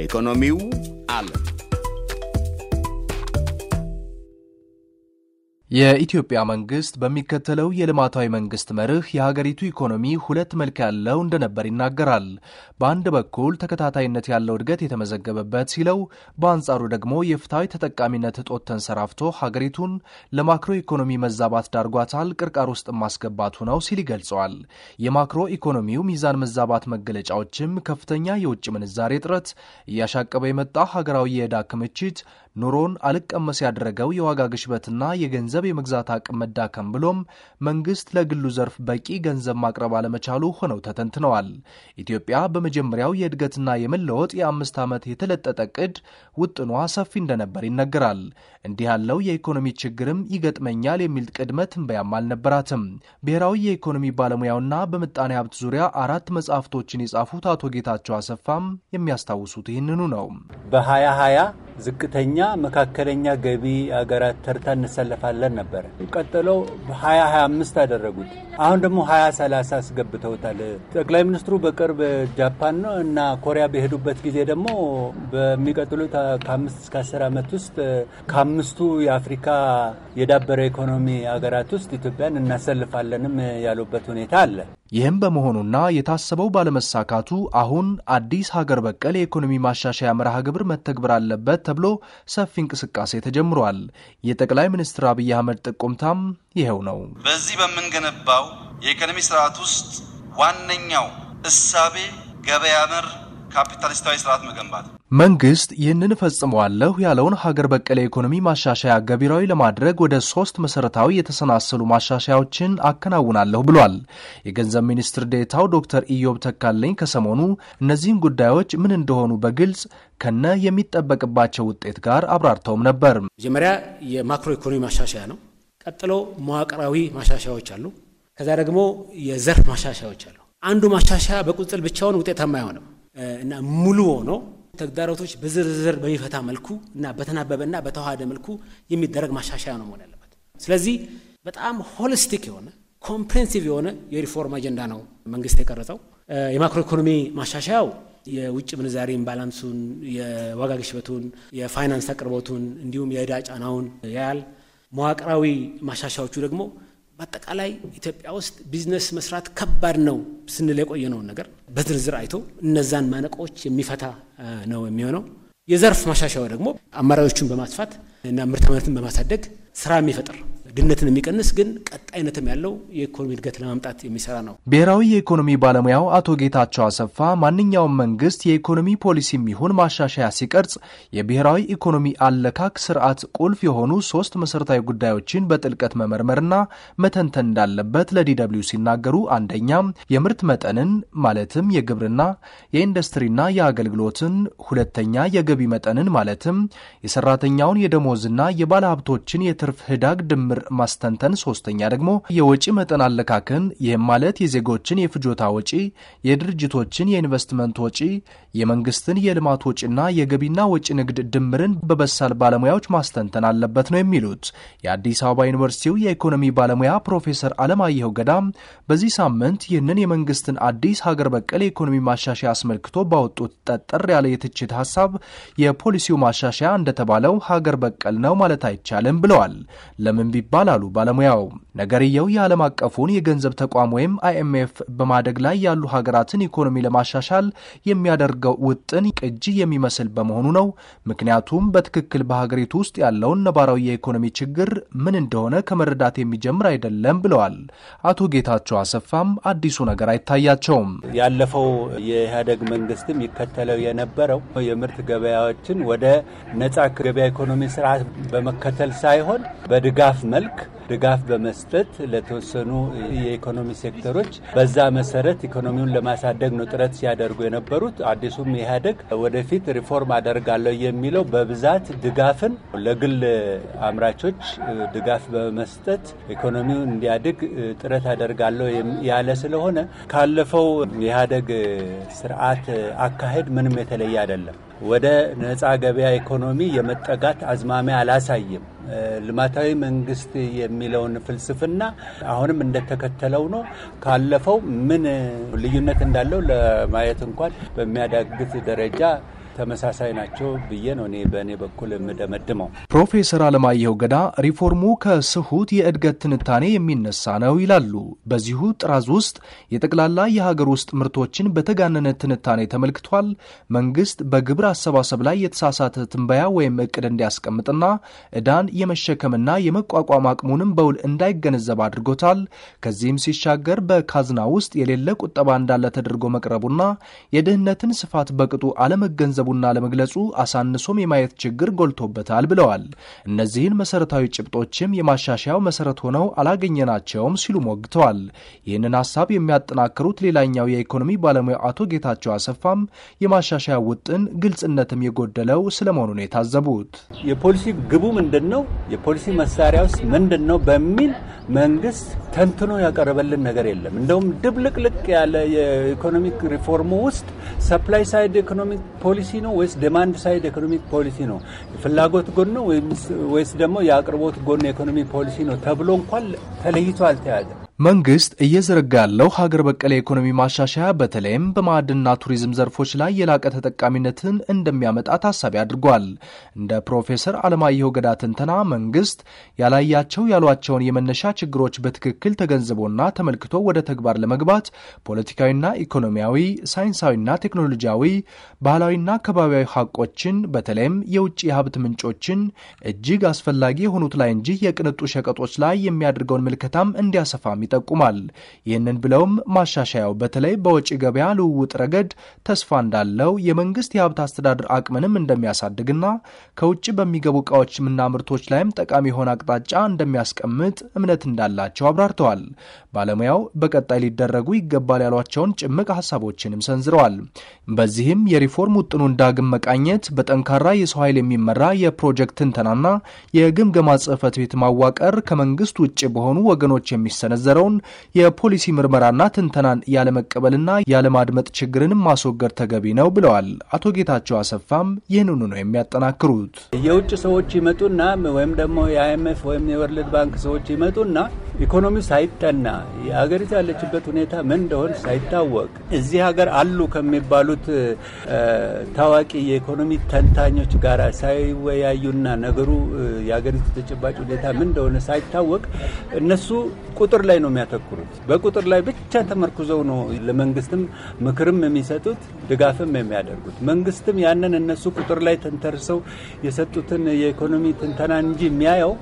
Economiu Alan. የኢትዮጵያ መንግስት በሚከተለው የልማታዊ መንግስት መርህ የሀገሪቱ ኢኮኖሚ ሁለት መልክ ያለው እንደነበር ይናገራል። በአንድ በኩል ተከታታይነት ያለው እድገት የተመዘገበበት ሲለው፣ በአንጻሩ ደግሞ የፍትሐዊ ተጠቃሚነት እጦት ተንሰራፍቶ ሀገሪቱን ለማክሮ ኢኮኖሚ መዛባት ዳርጓታል፣ ቅርቃር ውስጥ ማስገባቱ ነው ሲል ይገልጸዋል። የማክሮ ኢኮኖሚው ሚዛን መዛባት መገለጫዎችም ከፍተኛ የውጭ ምንዛሬ እጥረት፣ እያሻቀበ የመጣ ሀገራዊ የዕዳ ክምችት፣ ኑሮን አልቀመስ ያደረገው የዋጋ ግሽበትና የገንዘብ የመግዛት አቅም መዳከም ብሎም መንግስት ለግሉ ዘርፍ በቂ ገንዘብ ማቅረብ አለመቻሉ ሆነው ተተንትነዋል። ኢትዮጵያ በመጀመሪያው የእድገትና የመለወጥ የአምስት ዓመት የተለጠጠ ቅድ ውጥኗ ሰፊ እንደነበር ይነገራል። እንዲህ ያለው የኢኮኖሚ ችግርም ይገጥመኛል የሚል ቅድመ ትንበያም አልነበራትም። ብሔራዊ የኢኮኖሚ ባለሙያውና በምጣኔ ሀብት ዙሪያ አራት መጽሐፍቶችን የጻፉት አቶ ጌታቸው አሰፋም የሚያስታውሱት ይህንኑ ነው። በሀያ ሀያ ዝቅተኛ፣ መካከለኛ ገቢ ሀገራት ተርታ እንሰለፋለን ነበረ። ቀጥለው ሀያ ሀያ አምስት አደረጉት። አሁን ደግሞ ሀያ ሰላሳ አስገብተውታል። ጠቅላይ ሚኒስትሩ በቅርብ ጃፓን ነው እና ኮሪያ በሄዱበት ጊዜ ደግሞ በሚቀጥሉት ከአምስት እስከ አስር ዓመት ውስጥ ከአምስቱ የአፍሪካ የዳበረ ኢኮኖሚ ሀገራት ውስጥ ኢትዮጵያን እናሰልፋለንም ያሉበት ሁኔታ አለ። ይህም በመሆኑና የታሰበው ባለመሳካቱ አሁን አዲስ ሀገር በቀል የኢኮኖሚ ማሻሻያ መርሃ ግብር መተግበር አለበት ተብሎ ሰፊ እንቅስቃሴ ተጀምሯል። የጠቅላይ ሚኒስትር አብይ አህመድ ጥቆምታም ይኸው ነው። በዚህ በምንገነባው የኢኮኖሚ ስርዓት ውስጥ ዋነኛው እሳቤ ገበያ መር ካፒታሊስታዊ ስርዓት መገንባት መንግስት ይህንን ፈጽመዋለሁ ያለውን ሀገር በቀል የኢኮኖሚ ማሻሻያ ገቢራዊ ለማድረግ ወደ ሶስት መሰረታዊ የተሰናሰሉ ማሻሻያዎችን አከናውናለሁ ብሏል። የገንዘብ ሚኒስትር ዴታው ዶክተር ኢዮብ ተካለኝ ከሰሞኑ እነዚህን ጉዳዮች ምን እንደሆኑ በግልጽ ከነ የሚጠበቅባቸው ውጤት ጋር አብራርተውም ነበር። መጀመሪያ የማክሮ ኢኮኖሚ ማሻሻያ ነው። ቀጥሎ መዋቅራዊ ማሻሻያዎች አሉ። ከዛ ደግሞ የዘርፍ ማሻሻያዎች አሉ። አንዱ ማሻሻያ በቁጥጥር ብቻውን ውጤታማ አይሆንም እና ሙሉ ሆኖ ተግዳሮቶች በዝርዝር በሚፈታ መልኩ እና በተናበበና በተዋሃደ መልኩ የሚደረግ ማሻሻያ ነው መሆን ያለበት። ስለዚህ በጣም ሆሊስቲክ የሆነ ኮምፕሬንሲቭ የሆነ የሪፎርም አጀንዳ ነው መንግስት የቀረጸው። የማክሮ ኢኮኖሚ ማሻሻያው የውጭ ምንዛሪ ኢምባላንሱን፣ የዋጋ ግሽበቱን፣ የፋይናንስ አቅርቦቱን እንዲሁም የእዳ ጫናውን ያያል። መዋቅራዊ ማሻሻያዎቹ ደግሞ በአጠቃላይ ኢትዮጵያ ውስጥ ቢዝነስ መስራት ከባድ ነው ስንል የቆየነውን ነገር በዝርዝር አይቶ እነዛን ማነቃዎች የሚፈታ ነው የሚሆነው። የዘርፍ ማሻሻያው ደግሞ አማራጮቹን በማስፋት እና ምርታማነትን በማሳደግ ስራ የሚፈጥር ድህነትን የሚቀንስ ግን ቀጣይነትም ያለው የኢኮኖሚ እድገት ለማምጣት የሚሰራ ነው። ብሔራዊ የኢኮኖሚ ባለሙያው አቶ ጌታቸው አሰፋ ማንኛውም መንግስት የኢኮኖሚ ፖሊሲ የሚሆን ማሻሻያ ሲቀርጽ የብሔራዊ ኢኮኖሚ አለካክ ስርዓት ቁልፍ የሆኑ ሶስት መሰረታዊ ጉዳዮችን በጥልቀት መመርመርና መተንተን እንዳለበት ለዲደብሊው ሲናገሩ፣ አንደኛም የምርት መጠንን ማለትም የግብርና የኢንዱስትሪና የአገልግሎትን፣ ሁለተኛ የገቢ መጠንን ማለትም የሰራተኛውን የደሞዝና የባለሀብቶችን የትርፍ ህዳግ ድምር ብር ማስተንተን፣ ሶስተኛ ደግሞ የወጪ መጠን አለካከን። ይህም ማለት የዜጎችን የፍጆታ ወጪ፣ የድርጅቶችን የኢንቨስትመንት ወጪ፣ የመንግስትን የልማት ወጪና የገቢና ወጪ ንግድ ድምርን በበሳል ባለሙያዎች ማስተንተን አለበት ነው የሚሉት የአዲስ አበባ ዩኒቨርሲቲው የኢኮኖሚ ባለሙያ ፕሮፌሰር አለማየሁ ገዳም በዚህ ሳምንት ይህንን የመንግስትን አዲስ ሀገር በቀል የኢኮኖሚ ማሻሻያ አስመልክቶ ባወጡት ጠጠር ያለ የትችት ሀሳብ የፖሊሲው ማሻሻያ እንደተባለው ሀገር በቀል ነው ማለት አይቻልም ብለዋል። ለምን አሉ ባለሙያው። ነገርየው የዓለም አቀፉን የገንዘብ ተቋም ወይም አይኤምኤፍ በማደግ ላይ ያሉ ሀገራትን ኢኮኖሚ ለማሻሻል የሚያደርገው ውጥን ቅጂ የሚመስል በመሆኑ ነው። ምክንያቱም በትክክል በሀገሪቱ ውስጥ ያለውን ነባራዊ የኢኮኖሚ ችግር ምን እንደሆነ ከመረዳት የሚጀምር አይደለም ብለዋል አቶ ጌታቸው አሰፋም። አዲሱ ነገር አይታያቸውም። ያለፈው የኢህአዴግ መንግስትም ይከተለው የነበረው የምርት ገበያዎችን ወደ ነጻ ገበያ ኢኮኖሚ ስርዓት በመከተል ሳይሆን በድጋፍ መ መልክ ድጋፍ በመስጠት ለተወሰኑ የኢኮኖሚ ሴክተሮች በዛ መሰረት ኢኮኖሚውን ለማሳደግ ነው ጥረት ሲያደርጉ የነበሩት። አዲሱም ኢህአዴግ ወደፊት ሪፎርም አደርጋለሁ የሚለው በብዛት ድጋፍን ለግል አምራቾች ድጋፍ በመስጠት ኢኮኖሚው እንዲያድግ ጥረት አደርጋለሁ ያለ ስለሆነ ካለፈው የኢህአዴግ ስርዓት አካሄድ ምንም የተለየ አይደለም። ወደ ነፃ ገበያ ኢኮኖሚ የመጠጋት አዝማሚያ አላሳይም። ልማታዊ መንግስት የሚለውን ፍልስፍና አሁንም እንደተከተለው ነው። ካለፈው ምን ልዩነት እንዳለው ለማየት እንኳን በሚያዳግት ደረጃ ተመሳሳይ ናቸው ብዬ ነው እኔ በእኔ በኩል የምደመድመው። ፕሮፌሰር አለማየሁ ገዳ ሪፎርሙ ከስሁት የእድገት ትንታኔ የሚነሳ ነው ይላሉ። በዚሁ ጥራዝ ውስጥ የጠቅላላ የሀገር ውስጥ ምርቶችን በተጋነነ ትንታኔ ተመልክቷል። መንግስት በግብር አሰባሰብ ላይ የተሳሳተ ትንበያ ወይም እቅድ እንዲያስቀምጥና እዳን የመሸከምና የመቋቋም አቅሙንም በውል እንዳይገነዘብ አድርጎታል። ከዚህም ሲሻገር በካዝና ውስጥ የሌለ ቁጠባ እንዳለ ተደርጎ መቅረቡና የድህነትን ስፋት በቅጡ አለመገንዘብ ማገናዘቡና ለመግለጹ አሳንሶም የማየት ችግር ጎልቶበታል ብለዋል። እነዚህን መሰረታዊ ጭብጦችም የማሻሻያው መሰረት ሆነው አላገኘናቸውም ሲሉ ሞግተዋል። ይህንን ሀሳብ የሚያጠናክሩት ሌላኛው የኢኮኖሚ ባለሙያ አቶ ጌታቸው አሰፋም የማሻሻያ ውጥን ግልጽነትም የጎደለው ስለመሆኑ ነው የታዘቡት። የፖሊሲ ግቡ ምንድን ነው? የፖሊሲ ውስጥ ምንድን ነው? በሚል መንግስት ተንትኖ ያቀረበልን ነገር የለም። እንደውም ድብልቅልቅ ያለ የኢኮኖሚክ ሪፎርሙ ውስጥ ሰፕላይ ሳይድ ኢኮኖሚክ ፖሊሲ ነው ወይስ ዲማንድ ሳይድ ኢኮኖሚክ ፖሊሲ ነው? ፍላጎት ጎን ነው ወይስ ደግሞ የአቅርቦት ጎን ኢኮኖሚ ፖሊሲ ነው ተብሎ እንኳን ተለይቶ አልተያዘ። መንግስት እየዘረጋ ያለው ሀገር በቀል የኢኮኖሚ ማሻሻያ በተለይም በማዕድንና ቱሪዝም ዘርፎች ላይ የላቀ ተጠቃሚነትን እንደሚያመጣ ታሳቢ አድርጓል። እንደ ፕሮፌሰር አለማየሁ ገዳ ትንተና መንግስት ያላያቸው ያሏቸውን የመነሻ ችግሮች በትክክል ተገንዝቦና ተመልክቶ ወደ ተግባር ለመግባት ፖለቲካዊና ኢኮኖሚያዊ፣ ሳይንሳዊና ቴክኖሎጂያዊ፣ ባህላዊና አካባቢያዊ ሀቆችን በተለይም የውጭ የሀብት ምንጮችን እጅግ አስፈላጊ የሆኑት ላይ እንጂ የቅንጡ ሸቀጦች ላይ የሚያደርገውን ምልከታም እንዲያሰፋም ይጠቁማል። ይህንን ብለውም ማሻሻያው በተለይ በውጭ ገበያ ልውውጥ ረገድ ተስፋ እንዳለው የመንግስት የሀብት አስተዳደር አቅምንም እንደሚያሳድግና ከውጭ በሚገቡ እቃዎችና ምርቶች ላይም ጠቃሚ የሆነ አቅጣጫ እንደሚያስቀምጥ እምነት እንዳላቸው አብራርተዋል። ባለሙያው በቀጣይ ሊደረጉ ይገባል ያሏቸውን ጭምቅ ሀሳቦችንም ሰንዝረዋል። በዚህም የሪፎርም ውጥኑን ዳግም መቃኘት፣ በጠንካራ የሰው ኃይል የሚመራ የፕሮጀክት ትንተናና የግምገማ ጽህፈት ቤት ማዋቀር ከመንግስት ውጭ በሆኑ ወገኖች የሚሰነዘረው የተጀመረውን የፖሊሲ ምርመራና ትንተናን ያለመቀበልና ያለማድመጥ ችግርንም ማስወገድ ተገቢ ነው ብለዋል። አቶ ጌታቸው አሰፋም ይህንኑ ነው የሚያጠናክሩት። የውጭ ሰዎች ይመጡና ወይም ደግሞ የአይኤምኤፍ ወይም የወርልድ ባንክ ሰዎች ይመጡና ኢኮኖሚ ሳይጠና የሀገሪቱ ያለችበት ሁኔታ ምን እንደሆነ ሳይታወቅ እዚህ ሀገር አሉ ከሚባሉት ታዋቂ የኢኮኖሚ ተንታኞች ጋር ሳይወያዩና ነገሩ የሀገሪቱ ተጨባጭ ሁኔታ ምን እንደሆነ ሳይታወቅ እነሱ ቁጥር ላይ ነው የሚያተኩሩት። በቁጥር ላይ ብቻ ተመርኩዘው ነው ለመንግስትም ምክርም የሚሰጡት ድጋፍም የሚያደርጉት። መንግስትም ያንን እነሱ ቁጥር ላይ ተንተርሰው የሰጡትን የኢኮኖሚ ትንተና እንጂ የሚያየው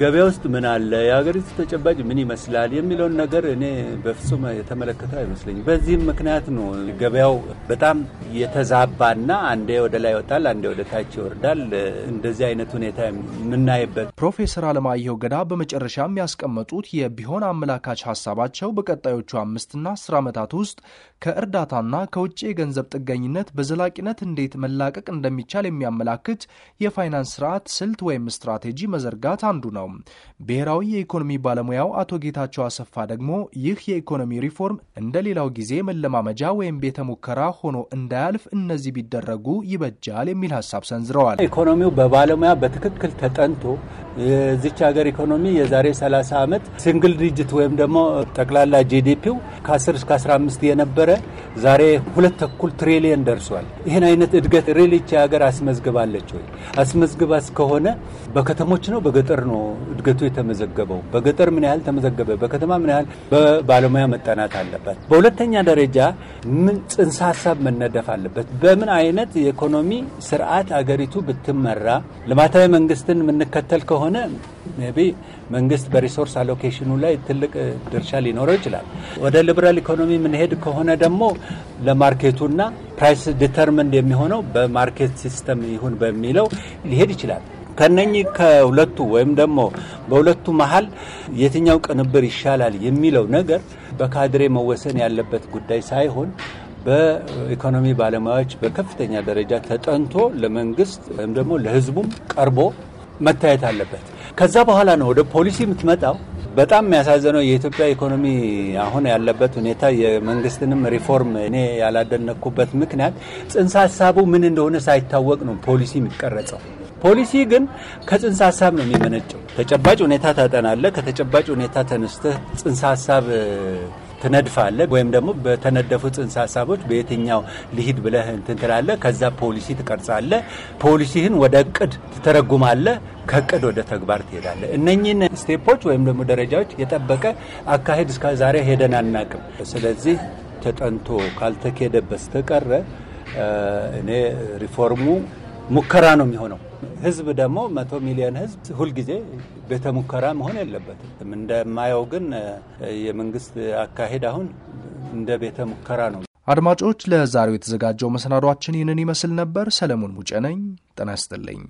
ገበያ ውስጥ ምን አለ፣ የሀገሪቱ ተጨባጭ ምን ይመስላል የሚለውን ነገር እኔ በፍጹም የተመለከተ አይመስለኝም። በዚህም ምክንያት ነው ገበያው በጣም የተዛባና አንዴ ወደ ላይ ይወጣል፣ አንዴ ወደ ታች ይወርዳል። እንደዚህ አይነት ሁኔታ የምናይበት ፕሮፌሰር አለማየሁ ገዳ በመጨረሻ የሚያስቀመጡት የቢሆን አመላካች ሀሳባቸው በቀጣዮቹ አምስትና አስር ዓመታት ውስጥ ከእርዳታና ከውጭ የገንዘብ ጥገኝነት በዘላቂነት እንዴት መላቀቅ እንደሚቻል የሚያመላክት የፋይናንስ ስርዓት ስልት ወይም ስትራቴጂ መዘርጋት አንዱ ነው። ነው። ብሔራዊ የኢኮኖሚ ባለሙያው አቶ ጌታቸው አሰፋ ደግሞ ይህ የኢኮኖሚ ሪፎርም እንደ ሌላው ጊዜ መለማመጃ ወይም ቤተ ሙከራ ሆኖ እንዳያልፍ እነዚህ ቢደረጉ ይበጃል የሚል ሀሳብ ሰንዝረዋል። ኢኮኖሚው በባለሙያ በትክክል ተጠንቶ የዚች ሀገር ኢኮኖሚ የዛሬ 30 ዓመት ሲንግል ዲጂት ወይም ደግሞ ጠቅላላ ጂዲፒው ከ10 እስከ 15 የነበረ ዛሬ ሁለት ተኩል ትሪሊየን ደርሷል። ይህን አይነት እድገት ሬሊች ሀገር አስመዝግባለች ወይ? አስመዝግባስ እስከሆነ በከተሞች ነው በገጠር ነው እድገቱ የተመዘገበው? በገጠር ምን ያህል ተመዘገበ? በከተማ ምን ያህል? በባለሙያ መጠናት አለበት። በሁለተኛ ደረጃ ምን ጽንሰ ሀሳብ መነደፍ አለበት? በምን አይነት የኢኮኖሚ ስርዓት አገሪቱ ብትመራ ልማታዊ መንግስትን የምንከተል ከሆነ ከሆነ ሜቢ መንግስት በሪሶርስ አሎኬሽኑ ላይ ትልቅ ድርሻ ሊኖረው ይችላል። ወደ ሊበራል ኢኮኖሚ የምንሄድ ከሆነ ደግሞ ለማርኬቱና ፕራይስ ዲተርሚንድ የሚሆነው በማርኬት ሲስተም ይሁን በሚለው ሊሄድ ይችላል። ከነኚህ ከሁለቱ ወይም ደግሞ በሁለቱ መሀል የትኛው ቅንብር ይሻላል የሚለው ነገር በካድሬ መወሰን ያለበት ጉዳይ ሳይሆን በኢኮኖሚ ባለሙያዎች በከፍተኛ ደረጃ ተጠንቶ ለመንግስት ወይም ደግሞ ለህዝቡም ቀርቦ መታየት አለበት። ከዛ በኋላ ነው ወደ ፖሊሲ የምትመጣው። በጣም የሚያሳዝነው የኢትዮጵያ ኢኮኖሚ አሁን ያለበት ሁኔታ የመንግስትንም ሪፎርም እኔ ያላደነኩበት ምክንያት ጽንሰ ሀሳቡ ምን እንደሆነ ሳይታወቅ ነው ፖሊሲ የሚቀረጸው። ፖሊሲ ግን ከጽንሰ ሀሳብ ነው የሚመነጨው። ተጨባጭ ሁኔታ ታጠናለህ። ከተጨባጭ ሁኔታ ተነስተህ ጽንሰ ሀሳብ ትነድፋለህ ወይም ደግሞ በተነደፉ ጽንሰ ሀሳቦች በየትኛው ልሂድ ብለህ እንትን ትላለህ። ከዛ ፖሊሲ ትቀርጻለህ። ፖሊሲህን ወደ እቅድ ትተረጉማለህ። ከእቅድ ወደ ተግባር ትሄዳለህ። እነኚህን ስቴፖች ወይም ደግሞ ደረጃዎች የጠበቀ አካሄድ እስከ ዛሬ ሄደን አናቅም። ስለዚህ ተጠንቶ ካልተኬደ በስተቀረ እኔ ሪፎርሙ ሙከራ ነው የሚሆነው። ህዝብ ደግሞ መቶ ሚሊዮን ህዝብ ሁልጊዜ ቤተ ሙከራ መሆን የለበትም። እንደማየው ግን የመንግስት አካሄድ አሁን እንደ ቤተ ሙከራ ነው። አድማጮች፣ ለዛሬው የተዘጋጀው መሰናዷችን ይህንን ይመስል ነበር። ሰለሞን ሙጬ ነኝ። ጤና ይስጥልኝ።